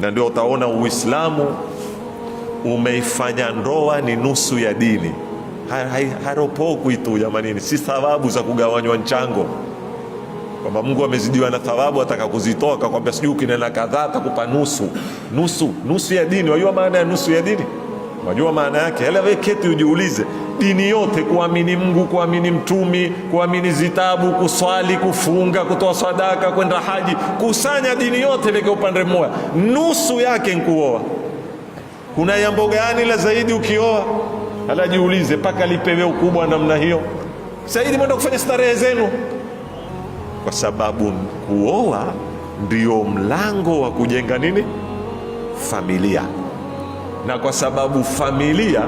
na ndio utaona Uislamu umeifanya ndoa ni nusu ya dini. Haropokwi tu jamanini, si thawabu za kugawanywa nchango kwamba Mungu amezidiwa na thawabu ataka kuzitoa, kakwambia sijui ukinena kadhaa atakupa nusu. Nusu nusu ya dini, wajua maana ya nusu ya dini? Wajua maana yake? Hela wewe keti ujiulize, dini yote kuamini Mungu, kuamini mtumi, kuamini zitabu, kuswali, kufunga, kutoa sadaka, kwenda haji, kusanya dini yote leke upande mmoja, nusu yake nkuoa. Kuna jambo gani la zaidi ukioa? Hala jiulize, mpaka lipewe ukubwa namna hiyo. Zaidi mwenda kufanya starehe zenu, kwa sababu kuoa ndio mlango wa kujenga nini, familia na kwa sababu familia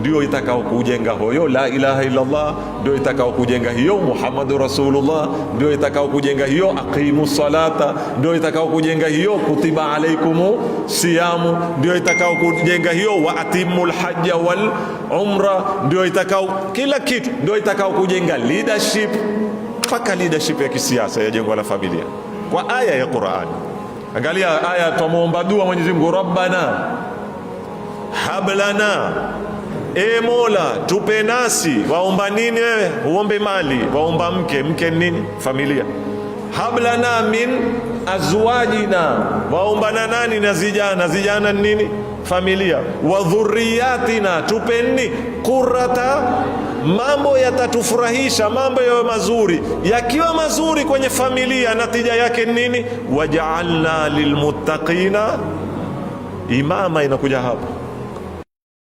ndio itakao kujenga hoyo la ilaha illallah, ndio itakao kujenga hiyo Muhammadu Rasulullah, ndio itakao kujenga hiyo aqimu salata, ndio itakao kujenga hiyo kutiba alaikumu siyamu, ndio itakao kujenga hiyo wa atimu hajja wal umra, ndio itakao kila kitu, ndio itakao kujenga leadership mpaka leadership ya kisiasa ya jengo la familia kwa aya ya Qur'an. Angalia aya, twamuomba dua Mwenyezi Mungu, rabbana hablana, e Mola tupe nasi. Waomba nini wewe? Uombe mali, waomba mke. Mke nini? Familia. Hablana min azwajina, waombana nani? Na zijana. Zijana nini? Familia. Wa dhurriyatina, tupe nini? Kurata, mambo yatatufurahisha, mambo yawe mazuri. Yakiwa mazuri kwenye familia, natija yake nini? Wajaalna lilmuttaqina imama, inakuja hapo